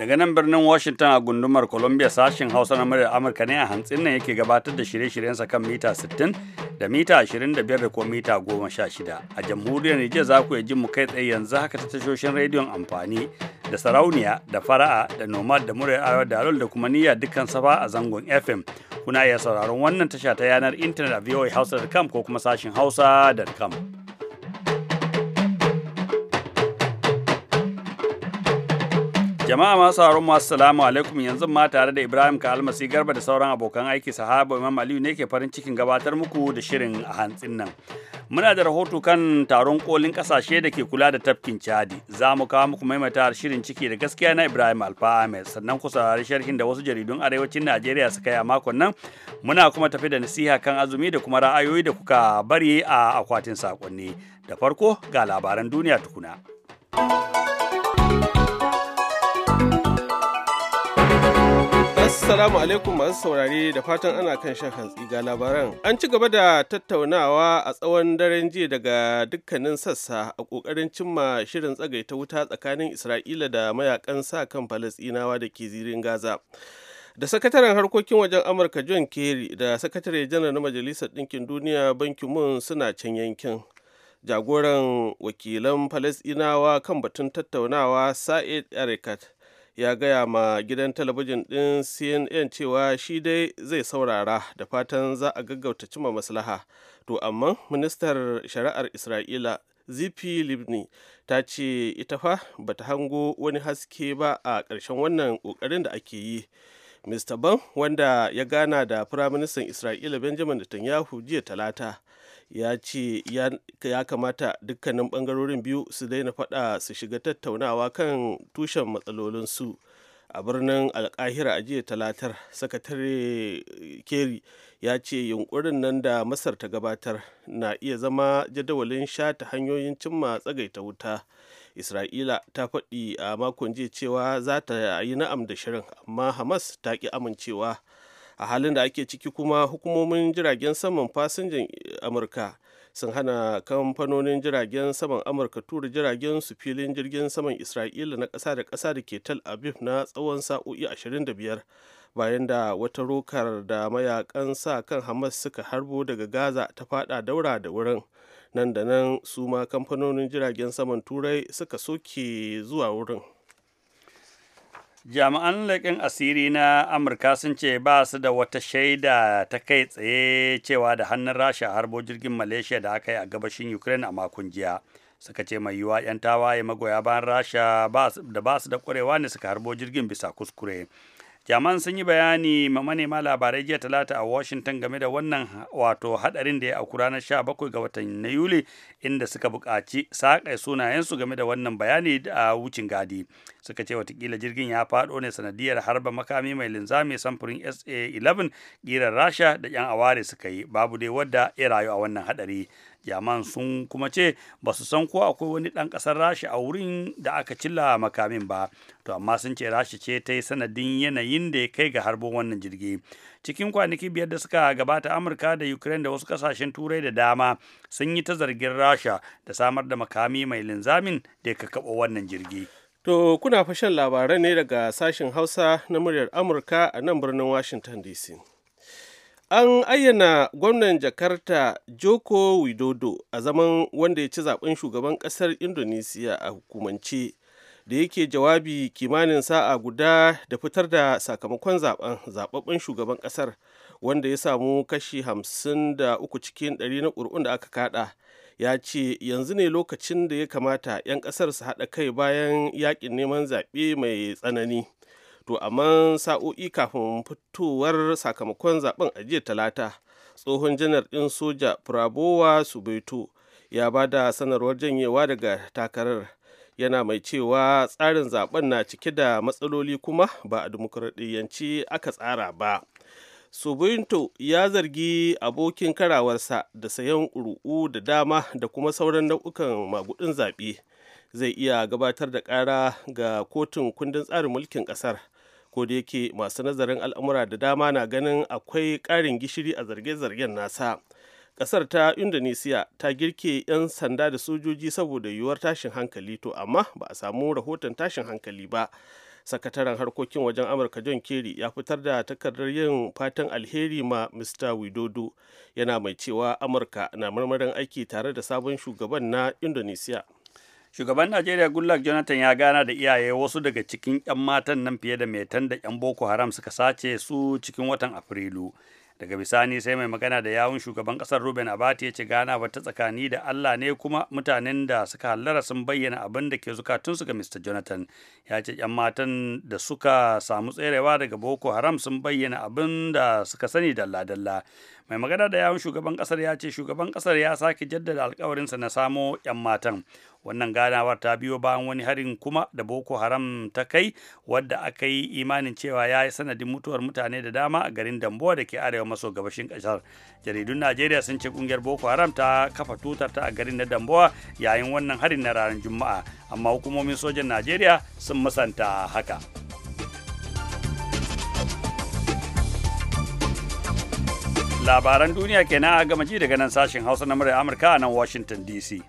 daga nan birnin washington a gundumar columbia sashen hausa na muryar amurka ne a hantsin nan yake gabatar da shirye sa kan mita 60 da mita 25 da ko mita 16 a jamhuriyar nijar za ku ji mu kai tsaye yanzu haka ta tashoshin rediyon amfani da sarauniya da fara'a da nomad da muryar arewa da da kuma niyya dukkan safa a zangon fm kuna iya sauraron wannan tasha ta yanar intanet a voahausa.com ko kuma sashen hausa.com Jama'a masu haron masu salamu alaikum yanzu ma tare da Ibrahim ka almasi garba da sauran abokan aiki sahaba Imam Aliyu ne ke farin cikin gabatar muku da shirin a hantsin nan. Muna da rahoto kan taron kolin kasashe da ke kula da tafkin Chadi. Za mu kawo muku maimaita shirin ciki da gaskiya na Ibrahim Alfa Ahmed sannan ku saurari sharhin da wasu jaridun arewacin Najeriya suka yi a makon nan. Muna kuma tafi da nasiha kan azumi da kuma ra'ayoyi da kuka bari a akwatin sakonni. Da farko ga labaran duniya tukuna. Assalamu alaikum masu saurare da fatan ana kan shan hantsi ga labaran. An ci gaba da tattaunawa a tsawon daren jiya daga dukkanin sassa a ƙoƙarin cimma shirin tsagaita wuta tsakanin Isra'ila da mayakan sa kan Falasɗinawa da ke zirin Gaza. Da sakataren harkokin wajen Amurka John Kerry da sakatare janar na Majalisar Ɗinkin Duniya Banki Mun suna can yankin. Jagoran wakilan Falasɗinawa kan batun tattaunawa Sa'id Erekat ya gaya ma gidan talabijin ɗin cnn cewa shi dai zai saurara da fatan za a gaggauta cima maslaha to amma ministar shari'ar isra'ila zp libni ta ce ita fa bata hango wani haske ba a ƙarshen wannan ƙoƙarin da ake yi mr ban wanda ya gana da firaministan isra'ila benjamin netanyahu jiya talata ya ce ya kamata dukkanin bangarorin biyu su daina faɗa su shiga tattaunawa kan tushen matsalolinsu a birnin alkahira a jiya talatar sakatare keri ya ce yunkurin nan da masar ta gabatar na iya zama jadawalin shata hanyoyin cimma tsagaita wuta isra'ila ta faɗi a makon jiya cewa za ta yi na'am da shirin amma hamas ta ƙi amincewa a halin da ake ciki kuma hukumomin jiragen saman fasinjan eh, amurka sun hana kamfanonin jiragen saman amurka tura jiragen su filin jirgin saman isra'ila na ƙasa da ƙasa da ke tel aviv na tsawon sa'o'i 25 bayan da wata rokar da mayakan sa kan hamas suka harbo daga gaza ta fada daura da wurin nan da nan su ma kamfanonin jiragen saman turai suka soke zuwa wurin jami'an leƙen asiri na amurka sun ce ba su da wata shaida ta kai tsaye cewa da hannun rasha harbo jirgin malaysia da aka yi a gabashin ukraine a makon jiya suka ce mai yiwuwa 'yan tawaye magoya bayan rasha da ba su da ƙwarewa ne suka harbo jirgin bisa kuskure jaman sun yi bayani ma manema labarai jiya talata a washington game da wannan wato hadarin da ya auku ranar 17 ga watan na yuli inda suka buƙaci saƙa sunayensu game da wannan bayani a wucin gadi suka ce watakila jirgin ya faɗo ne sanadiyar harba makami mai linzami samfurin sa 11 ƙirar rasha da yan aware suka yi babu dai wadda ya rayu a wannan hadari jaman sun kuma ce ba su san ko akwai wani ɗan ƙasar rashi a wurin da aka cilla makamin ba to amma sun ce rashi ce ta yi sanadin yanayin da ya kai ga harbin wannan jirgi cikin kwanaki biyar da suka gabata amurka da ukraine da wasu ƙasashen turai da dama sun yi ta zargin rasha da samar da makami mai linzamin da ya kaɓa wannan jirgi to kuna fashin labarai ne daga sashen hausa na muryar amurka a nan birnin washington dc An ayyana gwamnan Jakarta Joko Widodo a zaman wanda ya ci zaben shugaban kasar Indonesiya a hukumance da yake jawabi kimanin sa'a guda da fitar da sakamakon zaben zababben shugaban kasar wanda ya samu kashi 53 cikin 100 na ƙuri'un da aka kada ya ce yanzu ne lokacin da ya kamata 'yan kasar su haɗa kai bayan yakin neman zaɓe mai tsanani. to amma sa'o'i kafin fitowar sakamakon zaben a jiya talata tsohon janar ɗin soja prabowa Subaito, ya ba da sanarwar janyewa daga takarar yana mai cewa tsarin zaben na cike da matsaloli kuma ba a dimokuraɗiyyanci aka tsara ba Subinto ya zargi abokin karawarsa da sayan ƙuru'u da dama da kuma sauran nau'ukan magudin zaɓe zai iya gabatar da ƙara ga kotun kundin tsarin mulkin ƙasar ko yake masu nazarin al'amura da dama na ganin akwai ƙarin gishiri a zarge-zargen nasa ƙasar ta indonesiya ta girke 'yan sanda da sojoji saboda yiwuwar tashin hankali to amma ba a samu rahoton tashin hankali ba sakataren harkokin wajen amurka john kerry ya fitar da takardar yin fatan alheri ma mr widodo yana mai cewa amurka na marmarin aiki tare da sabon shugaban na indonesiya shugaban najeriya goodluck jonathan ya gana da iyaye wasu daga cikin 'yan matan nan fiye da metan da 'yan boko haram suka sace su cikin watan afrilu daga bisani sai mai magana da yawun shugaban kasar ruben abati ya ce gana wata tsakani da allah ne kuma mutanen da suka hallara sun bayyana abin da ke su ga mr jonathan ya ce 'yan matan da suka samu tserewa daga boko haram sun bayyana abin da suka sani dalla-dalla mai magana da yawun shugaban kasar ya ce shugaban kasar ya sake jaddada alkawarinsa na samo 'yan matan wannan ganawar ta biyo bayan wani harin kuma da boko haram ta kai wadda aka yi imanin cewa ya yi sanadin mutuwar mutane da dama a garin damboa da ke arewa maso gabashin kasar jaridun najeriya sun ce kungiyar boko haram ta kafa tutar ta a garin na damboa yayin wannan harin na ranar juma'a amma hukumomin sojan najeriya sun musanta haka. labaran duniya kenan a gama ji daga nan sashen hausa na murya amurka nan washington dc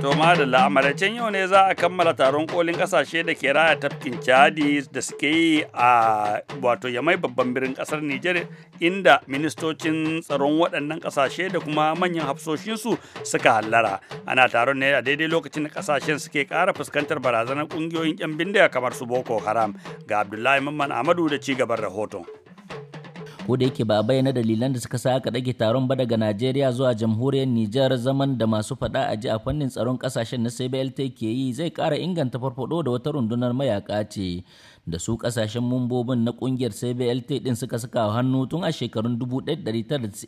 To da amaracen yau ne za a kammala taron kolin kasashe da ke raya tafkin Chadi da suke yi a wato yamai babban birnin kasar niger inda ministocin tsaron waɗannan kasashe da kuma manyan hafsoshinsu suka hallara. Ana taron ne a daidai lokacin da kasashen suke ƙara fuskantar barazanar ƙungiyoyin 'yan bindiya kamar su Boko Haram. Ga Abdullahi Mamman amadu da ci gaban rahoton. ko da yake ba a bayyana dalilan da suka sa aka ɗage taron ba daga Najeriya zuwa jamhuriyar Nijar zaman da masu faɗa a ji a fannin tsaron ƙasashen na CBLT ke yi zai ƙara inganta farfaɗo da wata rundunar mayaka ce da su kasashen mambobin na kungiyar cblt din suka saka hannu tun a shekarun 1994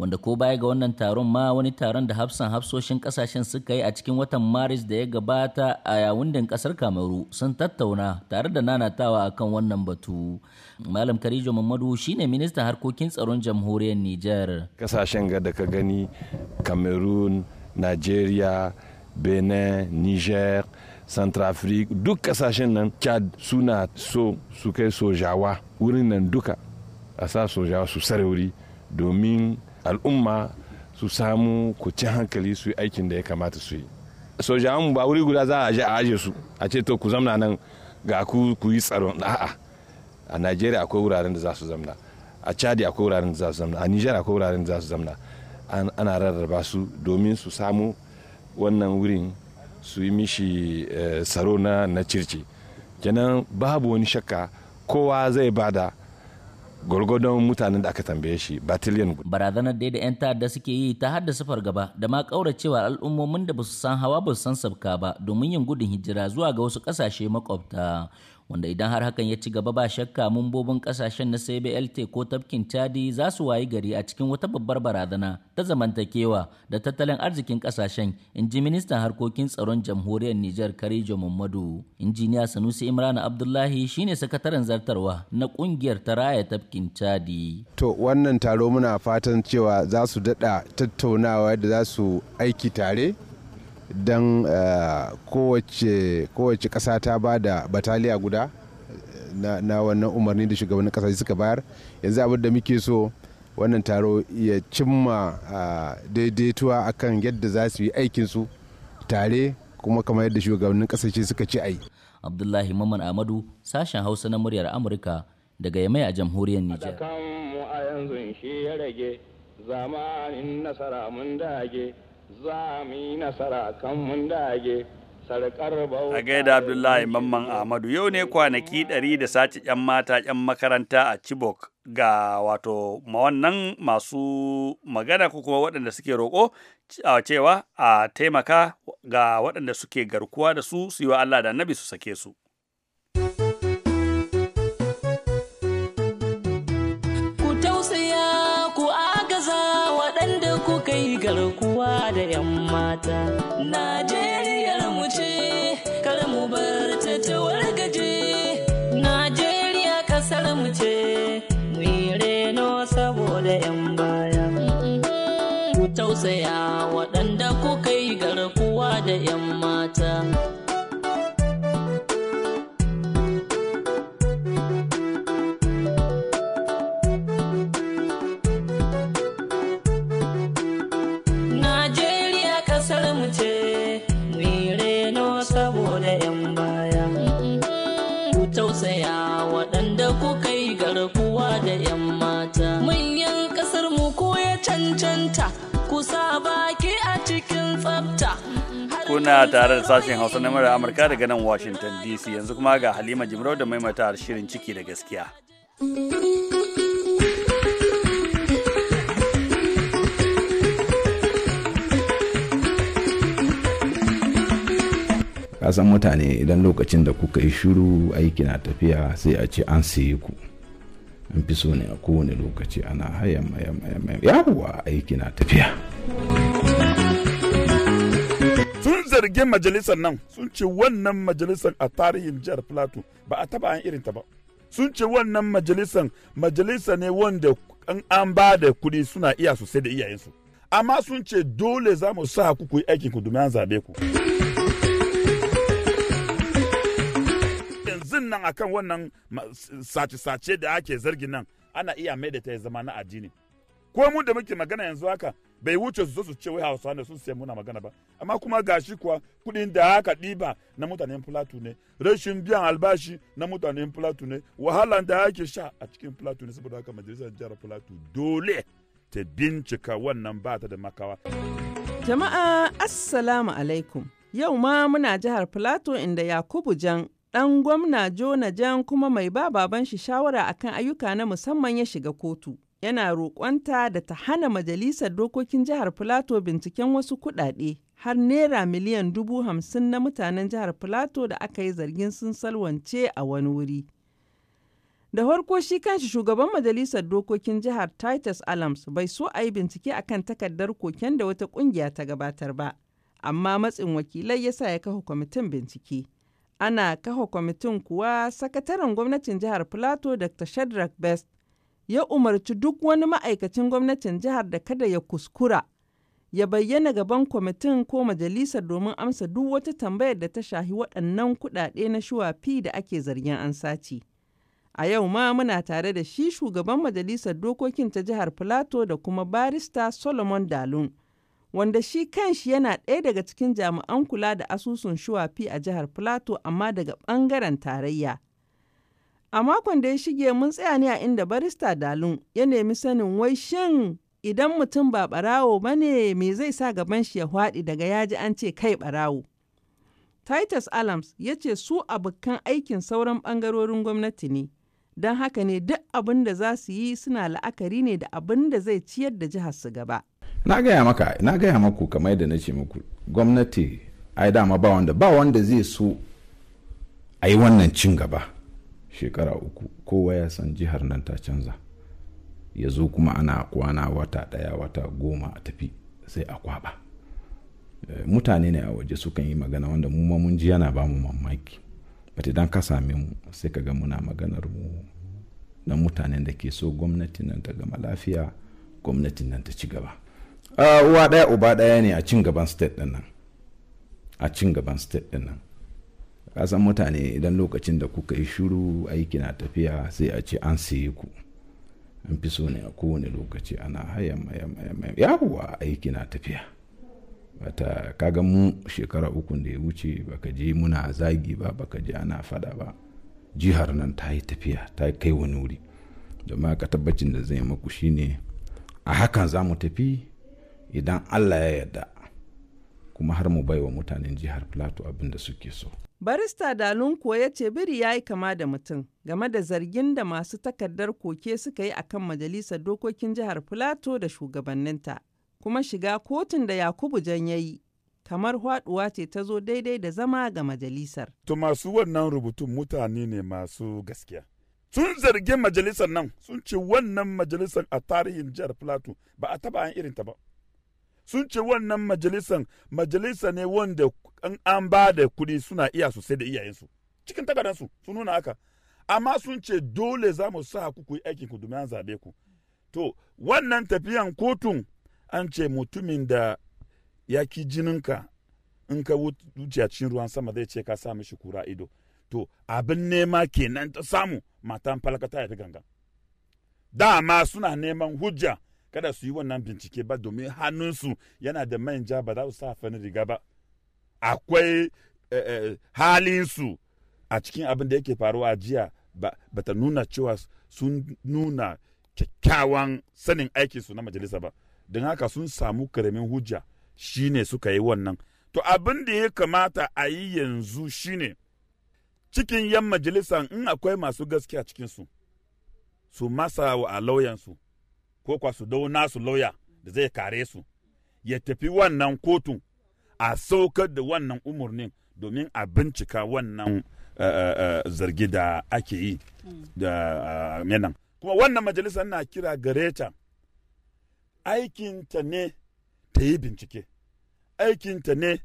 wanda ko baya ga wannan taron ma wani taron da hafsan hafsoshin kasashen suka yi a cikin watan maris da ya gabata a yawundin kasar kamaru sun tattauna tare da nanatawa akan wannan batu malam karijo mamadu shine ministan harkokin tsaron jamhuriyar niger kasashen ga da ka gani cameroon nigeria benin niger centrafrique duk kasashen nan chad suna so su kai sojawa wurin nan duka a sa sojawa su sare wuri domin al'umma su samu ci hankali su yi aikin da ya kamata su yi sojawa mu ba wuri guda za a aje su a ce to ku zamna nan ga ku ku yi tsaron a'a a najeriya akwai wuraren da za su zamna a chad akwai wuraren da za su zamna a Niger akwai wuraren da za su zamna ana rarraba su domin su samu wannan wurin su yi mishi eh, tsaro na circi kenan babu wani shakka kowa zai bada gwargwadon mutanen da aka tambaye shi batiliyan barazanar da 'yan ta'adda suke yi ta haddasa fargaba da ma kauracewa al'ummomin da ba su san hawa ba su san sabka ba domin yin gudun hijira zuwa ga wasu kasashe makwabta wanda idan har hakan ya ci gaba ba shakka mumbobin kasashen na cblt ko tafkin chadi za su wayi gari a cikin wata babbar barazana ta zamantakewa da tattalin arzikin kasashen in ji ministan harkokin tsaron jamhuriyar nijar karijo muhammadu injiniya sanusi imran abdullahi shine sakataren zartarwa na kungiyar ta raya tafkin chadi to wannan taro muna fatan cewa za su daɗa tattaunawa da za su aiki tare don eh, kowace ƙasa ta ba da bataliya guda eh, na wannan umarni da shugabannin ƙasashe suka bayar yanzu abin da muke so wannan taro ya cimma eh, daidaituwa akan yadda za su yi aikinsu tare kuma kamar yadda shugabannin ƙasashe suka ci ai abdullahi maman amadu sashen hausa na muryar amurka daga yamai a jamhuriyar nijar a zamanin nasara mun dage za yi nasara kan mun dage a gaida abdullahi mamman ahmadu yau ne kwanaki ɗari da sace yan mata yan makaranta a chibok ga wato wannan masu magana ko kuma waɗanda suke roƙo cewa a taimaka ga waɗanda suke garkuwa da su su yi wa allah da annabi su sake su na garkuwa da 'yan mata manyan kasar mu ko ya cancanta kusa baki a cikin tsafta kuna tare da sashen hausa na murar amurka daga nan washington dc yanzu kuma ga halima jimrau da maimaita shirin ciki da gaskiya kasan mutane idan lokacin da kuka yi shuru aiki na tafiya sai a ce an siye ku an fi so ne a kowane lokaci ana hayan mayan mayan aiki na tafiya sun zargi majalisar nan sun ce wannan majalisar a tarihin jihar plateau ba a taba an ta ba sun ce wannan majalisar majalisa ne wanda an an ba da kuɗi suna iya sosai da iyayensu amma sun ce dole za mu sa ku ku yi aikin ku domin an zabe ku. wannan akan wannan sace-sace da ake zargin nan ana iya mai da ta zama na addini ko mu da muke magana yanzu haka bai wuce su zo su ce wai hausa ne sun sai muna magana ba amma kuma gashi kuwa kudin da aka ɗiba na mutanen plateau ne rashin biyan albashi na mutanen plateau ne wahalan da ake sha a cikin plateau ne saboda haka majalisar jihar plateau dole ta bincika wannan ba ta da makawa jama'a assalamu alaikum yau ma muna jihar plateau inda yakubu jan ɗan Gwamna Jona jan kuma mai ba baban shi shawara akan ayyuka na musamman ya shiga kotu, yana roƙonta da ta hana Majalisar Dokokin Jihar Filato binciken wasu kuɗaɗe har Naira miliyan dubu hamsin na mutanen Jihar Filato da aka yi zargin sun salwance a wani wuri. Da farko shi kanshi shugaban majalisar dokokin jihar Titus Alams bai so a yi bincike akan takardar koken da wata ƙungiya ta gabatar ba, amma matsin wakilai ya sa ya kafa kwamitin bincike. Ana kafa kwamitin kuwa, sakataren gwamnatin jihar Filato Dr. Shadrack Best ya umarci duk wani ma'aikacin gwamnatin jihar da kada ya kuskura ya bayyana gaban kwamitin ko majalisar domin amsa duk wata tambayar da ta shahi waɗannan kuɗaɗe na shuwafi da ake zargin an sace. A yau ma muna tare da shi shugaban majalisar dokokin ta jihar Filato da kuma barista Solomon Dalun. wanda shi kanshi yana ɗaya daga cikin jami'an kula da asusun shuwafi a jihar Plateau amma daga ɓangaren tarayya. A makon da ya shige mun tsaya ne a inda barista Dalun ya nemi sanin wai shin idan mutum ba ɓarawo ba ne me zai sa gaban shi ya hwaɗi daga yaji an ce kai ɓarawo. Titus Alams ya ce su abokan aikin sauran ɓangarorin gwamnati ne, don haka ne duk abin da za su yi suna la'akari ne da abin da zai ciyar da jihar su gaba. na gaya maka na gaya maku kamar yadda na ce muku gwamnati ai dama ba wanda ba wanda zai so a yi wannan cin gaba shekara uku kowa ya san jihar nan ta canza ya zo kuma ana kwana wata ɗaya wata goma a tafi sai a kwaba eh, mutane ne a waje sukan yi magana wanda mu ma mun ji yana ba mu mamaki bata idan ka same mu sai ka ga muna maganar mu na mutanen da ke so gwamnati nan ta gama lafiya gwamnati nan ta ci gaba Ah, uwa ɗaya uba ɗaya ne a cin gaban state ɗin nan a cin gaban state ɗin nan kasan mutane idan lokacin da kuka yi shuru aiki na tafiya sai a ce an sayi ku an fi so ne a kowane lokaci ana hayan mayan mayan yawwa aiki na tafiya bata kaga mu shekara ukun da ya wuce baka je muna zagi ba baka je ana fada ba jihar nan ta yi tafiya ta kai wani wuri domin ka tabbacin da zai maku shine a hakan za mu tafi idan Allah ya yarda kuma har mu baiwa mutanen jihar Plateau abin da suke so. Barista Dalun kuwa ya ce biri ya yi kama da mutum game da zargin da masu takardar koke suka yi a kan majalisar dokokin jihar Plateau da shugabanninta, kuma shiga kotun da Yakubu Jan ya yi kamar haɗuwa ce ta zo daidai da zama ga majalisar. To masu wannan rubutun mutane ne masu gaskiya. Sun zargin majalisar nan sun ce wannan majalisar a tarihin jihar Plateau ba a taba an irinta ba. sun ce wannan majalisan majalisa ne wanda an ba da kuɗi suna iya su sai da iyayensu cikin takardansu sun nuna haka amma sun ce dole za mu sa ku ku yi aikin ku domin an zabe ku to wannan tafiyan kotun an ce mutumin da ya ki jininka in ka wuce a cikin ruwan sama zai ce ka sa mishi kura ido to abin nema kenan ta samu matan falakata ya fi gangan dama suna neman hujja kada su yi wannan bincike ba domin hannunsu yana da manja ba za su sa fani riga ba akwai eh, eh, halinsu a cikin abin da yake faruwa jiya ba ta nuna cewa sun nuna kyakkyawan sanin aikinsu na majalisa ba don haka sun samu karamin hujja shine suka yi wannan to abin da ya kamata a yi yanzu shine cikin yan majalisa in akwai masu gaskiya cikinsu su masa wa lauyansu ko kwa su dau nasu lauya da zai kare su ya tafi wannan kotu a saukar da wannan umarnin domin a bincika wannan eh, eh, eh, zargi da ake yi da menan kuma wannan majalisa na kira gare ta aikinta ne ta yi bincike aikinta ne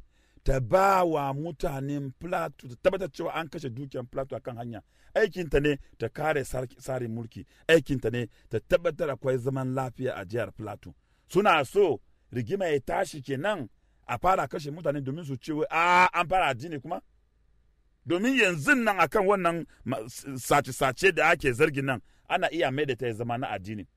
ta ba wa mutanen plato ta tabbatar cewa an kashe dukiyar plato akan hanya aikinta ne ta kare tsarin mulki aikinta ne ta tabbatar akwai zaman lafiya a jihar plato suna so rigima ya tashi kenan a fara kashe mutane domin su ce a an fara addini kuma domin yanzu nan akan wannan sace-sace da ake zargin nan ana iya mai da ta zama na addini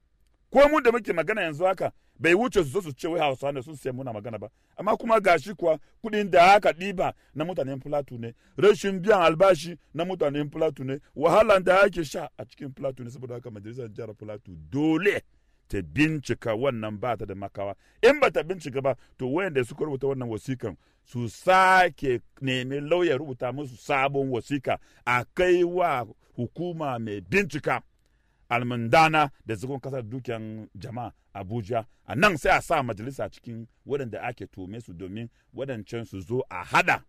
ko mu da muke magana yanzu haka bai wuce su zo su ce wai hausa ne sun sai muna magana ba amma kuma gashi kuwa kudin da aka ɗiba na mutanen plateau ne rashin biyan albashi na mutanen plateau ne wahalan da ake sha a cikin plateau ne saboda haka majalisar jihar plateau dole ta bincika wannan ba ta da makawa in ba ta bincika ba to wayanda suka rubuta wannan wasikan su sake nemi lauya rubuta musu sabon wasika a kai wa hukuma mai bincika almundana da zagon kasar dukiyar jama'a abuja a nan sai a sa majalisa cikin waɗanda ake tome su domin waɗancan su zo a hada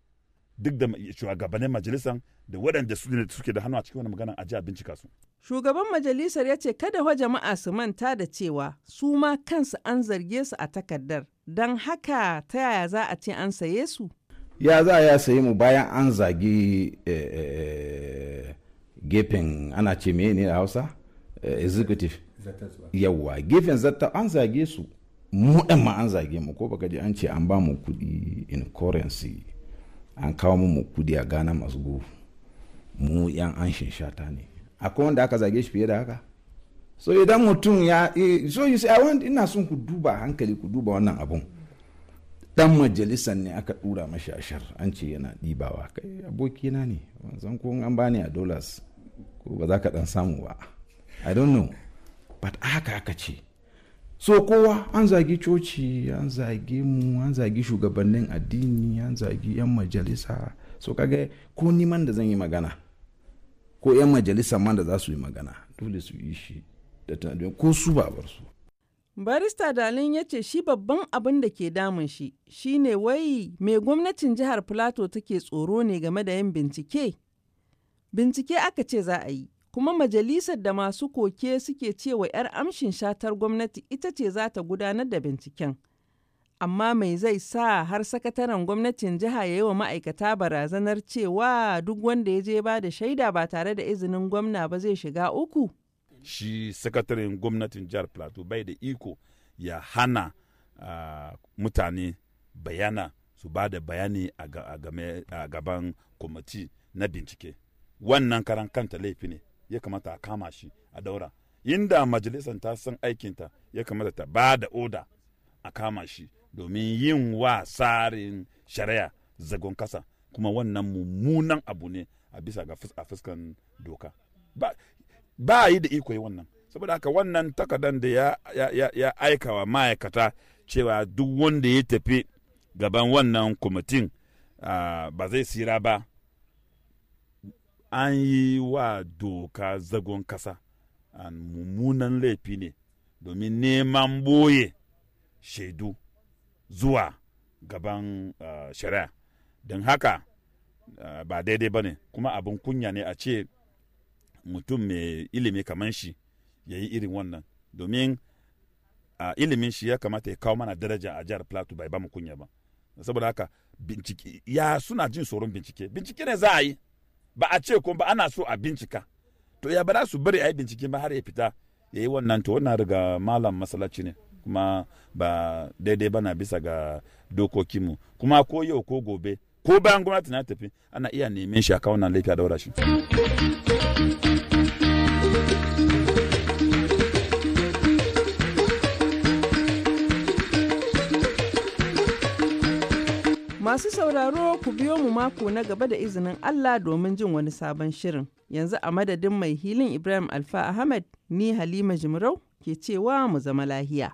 duk da shugabannin majalisan da waɗanda suke da hannu a cikin wani magana a bincika su. Shugaban majalisar ya ce kada wa jama'a su manta da cewa su ma kansu an zarge su a takardar don haka ta yaya za a ce an saye su? Ya za ya sayi mu bayan an zagi eh, eh, eh, gefen ana ce ne a Hausa? Eh, executive yauwa gefen zata an zage su mu ɗan ma an zage mu ko baka ji an ce an ba mu kuɗi in currency an kawo mu kuɗi a ghana masu mu yan an shata ne akwai wanda aka zage shi fiye da haka so idan mutum ya eh, so you say i want ina son ku duba hankali ku duba wannan abun dan majalisan ne aka dura mashi ashar an ce yana ɗibawa kai abokina ne zan ko an bani a dollars ko ba za ka dan samu ba i don't know but haka aka ce so kowa an zagi coci an zagi mu an zagi shugabannin addini an zagi 'yan majalisa so kaga ko man da zan yi magana ko 'yan majalisa man da za su yi magana dole su yi shi da tunadin ko su ba bar su barista dalin ya ce shi babban abin da ke damun shi shine wai mai gwamnatin jihar plateau take tsoro ne game da yin bincike bincike aka ce za a yi kuma majalisar da masu koke suke cewa 'yar amshin shatar gwamnati ita ce za ta gudanar da binciken. Amma mai zai sa har sakataren gwamnatin jiha ya yi wa ma'aikata barazanar cewa duk wanda ya je ba da shaida ba tare da izinin gwamna ba zai shiga uku? Shi sakataren gwamnatin jihar Plateau bai da iko ya hana mutane bayana su ba da bayani a gaban kwamiti na bincike. Wannan karan kanta laifi ne. ya kamata a kama shi a daura inda majalisar ta san aikinta ya kamata ta ba da oda a kama shi domin yin wa tsarin shari'a zagon kasa kuma wannan mummunan abu ne a bisa ga fuskan doka ba yi da iko yi wannan saboda haka wannan takadan da ya, ya, ya aika wa ma'aikata cewa duk wanda ya tafi gaban wannan kwamitin ah, ba zai sira ba an yi wa doka zagon kasa mummunan laifi ne domin neman boye shaidu zuwa gaban shari'a don haka uh, ba daidai ba ne kuma abin kunya ne a ce mutum mai ilimi kamar shi ya yi irin wannan domin a ilimin shi ya kamata ya kawo mana daraja a jihar plateau bai ba mu kunya ba saboda haka bincike ya suna jin tsoron bincike bincike ne za a yi ba a ce ko ba ana so a bincika to ya bara su bari a yi bincike ba har ya fita ya yi wannan to wannan riga malam masalaci ne kuma ba daidai ba na bisa ga dokokinmu kuma ko yau ko gobe ko bayan gwamnati na tafi ana iya neman shi a kawo na laifi a daura shi. Masu sauraro ku biyo mu mako na gaba da izinin Allah domin jin wani sabon shirin. Yanzu a madadin mai hilin Ibrahim Alfa Ahmed ni Halima Jimarau ke cewa mu zama lahiya.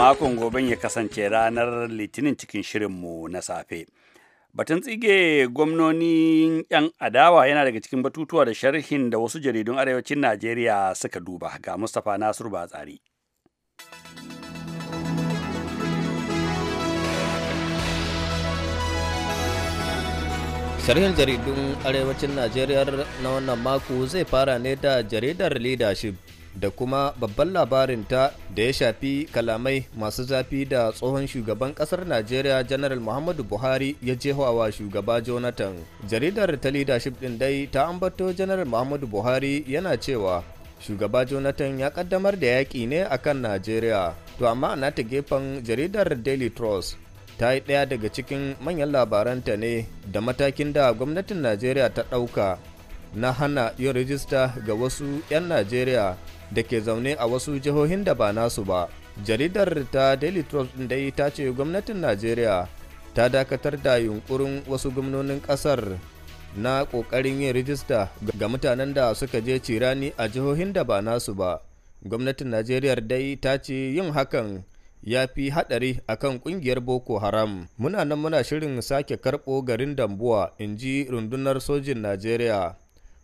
Makon goben ya kasance ranar Litinin cikin shirinmu na safe. Batun tsige gwamnonin 'yan adawa yana daga cikin batutuwa da sharhin da wasu jaridun arewacin Najeriya suka duba ga Mustapha Nasiru Batsari. Sharhin jaridun Arewacin Najeriya na wannan mako zai fara ne da jaridar leadership da kuma babban labarinta da ya shafi kalamai masu zafi da tsohon shugaban kasar Najeriya Janaral Muhammadu Buhari ya jehowa shugaba Jonathan. Jaridar ta leadership ɗin dai ta ambato Janaral Muhammadu Buhari yana cewa shugaba Jonathan ya kaddamar da yaƙi ne akan Najeriya. To amma a ta gefen jaridar Daily Trust ta yi ɗaya daga cikin manyan labaranta ne da matakin da gwamnatin najeriya ta ɗauka na hana yin rijista ga wasu 'yan najeriya da ke zaune a wasu jihohin da ba nasu ba jaridar ta daily trust dai ta ce gwamnatin najeriya ta dakatar da yunkurin wasu gwamnonin ƙasar na ƙoƙarin yin rijista ga mutanen da suka je cirani a jihohin da ba nasu ba gwamnatin najeriya dai ta ce yin hakan ya fi haɗari kan ƙungiyar Boko Haram. Muna nan muna shirin sake karɓo garin Dambuwa, in ji rundunar sojin Najeriya.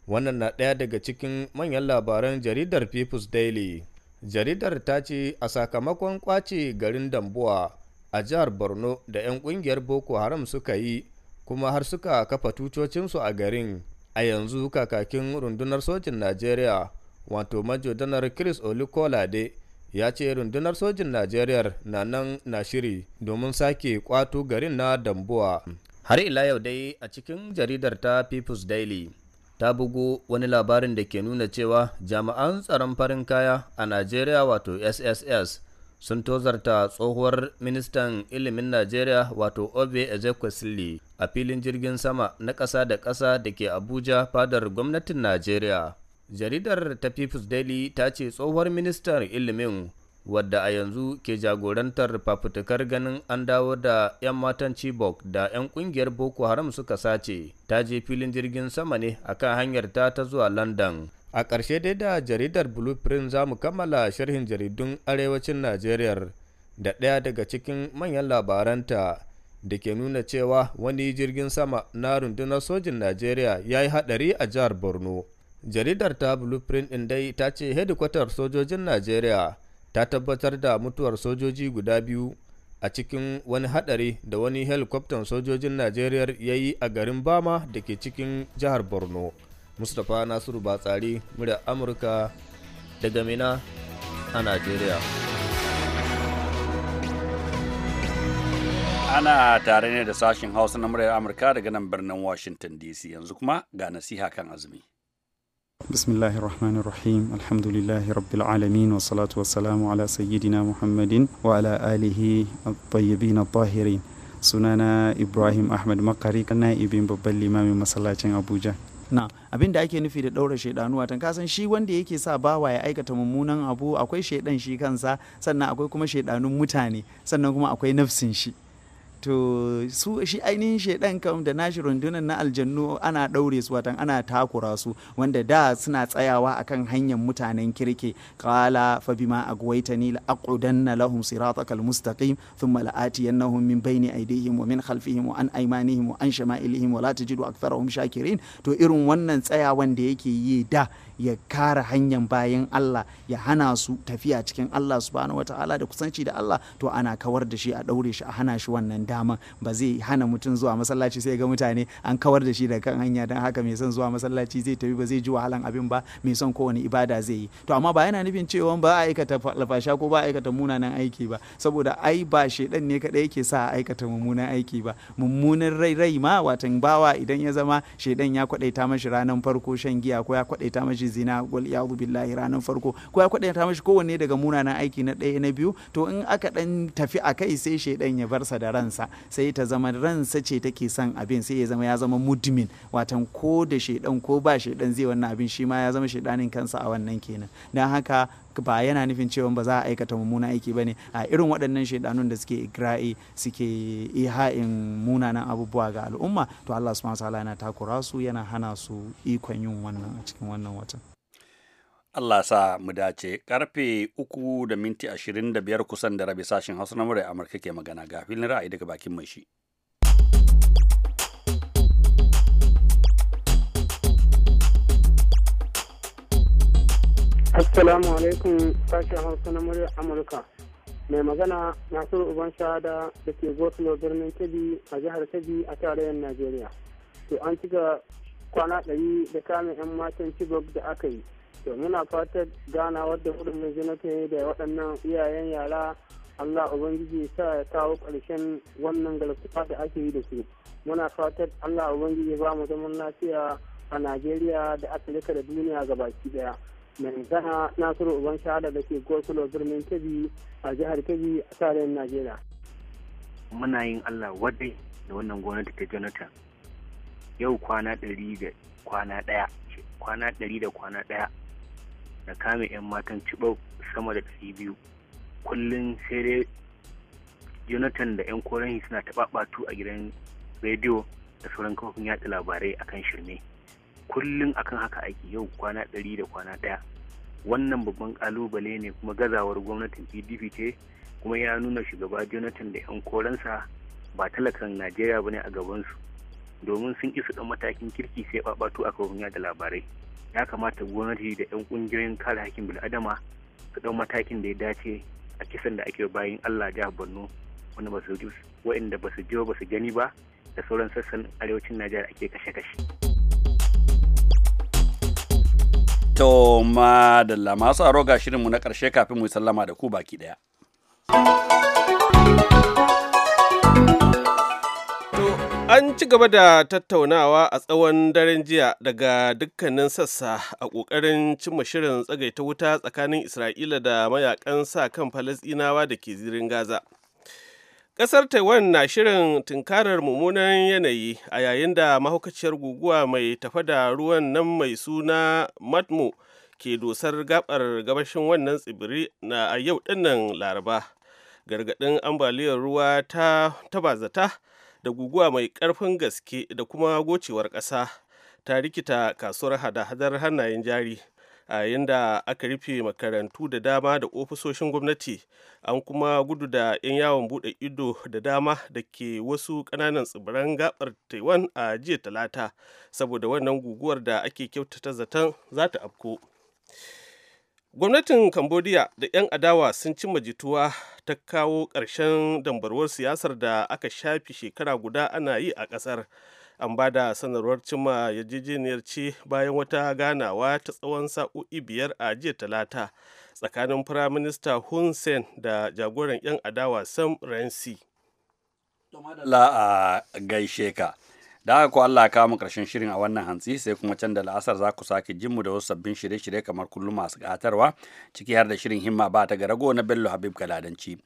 Wannan na ɗaya daga cikin manyan labaran jaridar People's Daily. Jaridar ta ce a sakamakon kwace garin Dambuwa a jihar Borno da 'yan ƙungiyar Boko Haram suka yi, kuma har suka kafa tutocinsu a garin. A yanzu kakakin rundunar sojin Najeriya, wato majodanar chris Chris Olukolade ya ce rundunar sojin najeriya na nan na shiri domin sake kwato garin na dambuwa har ila yau dai a cikin jaridar ta people's daily ta bugu wani labarin da ke nuna cewa jami'an tsaron farin kaya a najeriya wato sss sun tozarta tsohuwar ministan ilimin najeriya wato obe ezekwesili a filin jirgin sama na ƙasa da ƙasa da ke abuja fadar gwamnatin najeriya jaridar ta people's daily ta ce tsohuwar ministan ilimin wadda a yanzu ke jagorantar fafutukar ganin an dawo da 'yan matan chibok da 'yan kungiyar boko haram suka sace ta je filin jirgin sama ne a kan hanyar ta ta zuwa london a ƙarshe dai da jaridar blueprint za mu kammala sharhin jaridun arewacin nigeria da ɗaya daga cikin manyan labaranta da ke nuna cewa wani jirgin sama na rundunar sojin nigeria ya yi haɗari a jihar borno jaridar ta blueprint ɗin dai ta ce hedikwatar sojojin najeriya ta tabbatar da mutuwar sojoji guda biyu a cikin wani hadari da wani helikwaftan sojojin najeriya ya yi a garin bama da ke cikin jihar borno mustapha nasiru batsari murya amurka daga mina a najeriya ana tare ne da sashen hausa na muryar amurka daga nan birnin washington dc yanzu kuma ga nasiha kan azumi بسم الله الرحمن الرحيم الحمد لله رب العالمين والصلاة والسلام على سيدنا محمد وعلى آله الطيبين الطاهرين sunana ibrahim ahmad makari na'ibin babban limamin masallacin abuja na abin da ake nufi da ɗaura shaidanu watan kasan shi wanda yake sa bawa ya aikata mummunan abu akwai shaidan shi kansa sannan akwai kuma shaidanun mutane sannan kuma akwai nafsin shi to su shi ainihin shaidan kam da nashi rundunan na aljannu ana ɗaure su watan ana takura su wanda da suna tsayawa akan hanyar mutanen kirke. qala fa bima agwaytani la aqudanna lahum siratakal mustaqim thumma la'atiyannahum min bayni aydihim wa min khalfihim wa an aymanihim wa an shama'ilihim wa la tajidu aktharahum shakirin to irin wannan tsayawan da yake yi da ya kare hanyar bayan Allah ya hana su tafiya cikin Allah subhanahu wata'ala da kusanci da Allah to ana kawar da shi a ɗaure shi a hana shi wannan daman ba zai hana mutum zuwa masallaci sai ga mutane an kawar da shi da kan hanya dan haka mai son zuwa masallaci zai tafi ba zai ji wahalan abin ba mai son kowane ibada zai yi to amma ba yana nufin cewa ba a aikata lafasha ko ba a aikata munanan aiki ba saboda ai ba shedan ne kadai yake sa a aikata mummunan aiki ba mummunan rai rai ma watan bawa idan ya zama shedan ya kwadaita mashi ranan farko shan giya ko ya kwadaita mashi zina wal yadu billahi ranar farko ko ya ta mashi kowanne daga munanan aiki na ɗaya na biyu to in aka ɗan tafi a kai sai shaidan ya barsa da ransa sai ta zama ransa ce take son abin sai ya zama ya zama mudmin watan ko da shaidan ko ba shaidan zai wannan abin shi ma ya zama shaidanin kansa a wannan kenan dan haka ba yana nufin cewa ba za a aikata mummuna aiki ba ne a irin waɗannan shaidanun da suke igra'i suke iha'in munanan abubuwa ga al'umma to Allah subhanahu wataala yana takura su yana hana su ikon yin wannan a cikin wannan watan Allah sa mu dace karfe uku da minti ashirin biyar kusan da rabi sashen hausa na murai amurka ke magana ga filin ra'ayi daga bakin mai shi. Assalamu alaikum sashen Hausa na murya Amurka. Mai magana Nasiru Uban Shahada da ke a birnin Kebbi a jihar Kebbi a tarayyar Najeriya. To an cika kwana ɗari da kamin 'yan matan cibok da aka yi. To muna fatar gana wadda wurin hudumin zinata da waɗannan iyayen yara Allah Ubangiji sa ya kawo ƙarshen wannan galkuta da ake yi da su. Muna fatar Allah Ubangiji ba mu zaman lafiya a Najeriya da Afirka da duniya gabaki daya. mai nasiru uban shahada da ke gosulo birnin kebbi a jihar kebbi a tarihin najeriya muna yin allah wadai da wannan gwamnati ta jonathan yau kwana ɗari da kwana ɗaya kwana ɗari da kwana ɗaya da kame 'yan matan cibau sama da ɗari biyu kullum sai dai jonathan da 'yan koren suna taɓaɓatu a gidan rediyo da sauran kafofin yatsa labarai akan shirme kullum akan haka aiki yau kwana ɗari da kwana ɗaya wannan babban kalubale ne kuma gazawar gwamnatin pdp ce kuma ya nuna shugaba jonathan da 'yan koransa ba talakan najeriya ba ne a gabansu domin sun isa ɗan matakin kirki sai ɓaɓatu a kawun da labarai ya kamata gwamnati da 'yan ƙungiyoyin kare hakkin bil'adama su ɗan matakin da ya dace a kisan da ake bayan allah jihar borno wanda ba su ji ba su gani ba da sauran sassan arewacin najeriya ake kashe-kashe. To ma da lama su aro ga shirinmu na ƙarshe kafin mu sallama da ku baki ɗaya. An ci gaba da tattaunawa a tsawon daren jiya daga dukkanin sassa a ƙoƙarin cimma shirin tsagaita wuta tsakanin Isra'ila da mayakan sa kan Falasɗinawa da ke zirin Gaza. Ƙasar Taiwan na shirin tunkarar mummunan yanayi a yayin da mahaukaciyar guguwa mai tafa da ruwan nan mai suna Matmu ke dosar gabar gabashin wannan tsibiri na a yau dinnan Laraba. Gargaɗin ambaliyar ruwa ta tabazata da guguwa mai ƙarfin gaske da kuma gocewar ƙasa ta rikita kasuwar hada-hadar hannayen jari. a yadda aka rufe makarantu da dama da ofisoshin gwamnati an kuma gudu da 'yan yawon bude ido da dama da ke wasu kananan tsibiran gabar taiwan a jiya talata saboda wannan guguwar da ake kyautata zaton za ta afko gwamnatin cambodia da 'yan adawa sun cimma jituwa ta kawo ƙarshen dambarwar siyasar da aka shafi shekara guda ana yi a ƙasar an ba da sanarwar cimma yarjejeniyar ci bayan wata ganawa ta tsawon sa'o'i biyar a jiya talata tsakanin firaminista hun sen da jagoran 'yan adawa sam rensi la a gaishe ka da haka ko Allah ya kawo mu karshen shirin a wannan hantsi sai kuma can da la'asar za ku sake jin mu da wasu sabbin shirye-shirye kamar kullum masu gatarwa ciki har da shirin himma ba ta garago na Bello Habib Galadanci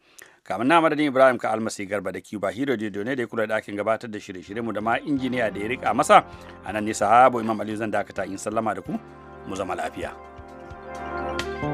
kamar na madadin Ibrahim ka almasi garba da Cuba Hero Dido ne da ya kula da ɗakin gabatar da shirye-shirye mu da ma injiniya da ya rika masa a nan ne sahabo Imam Ali zan dakata in sallama da ku mu zama lafiya. thank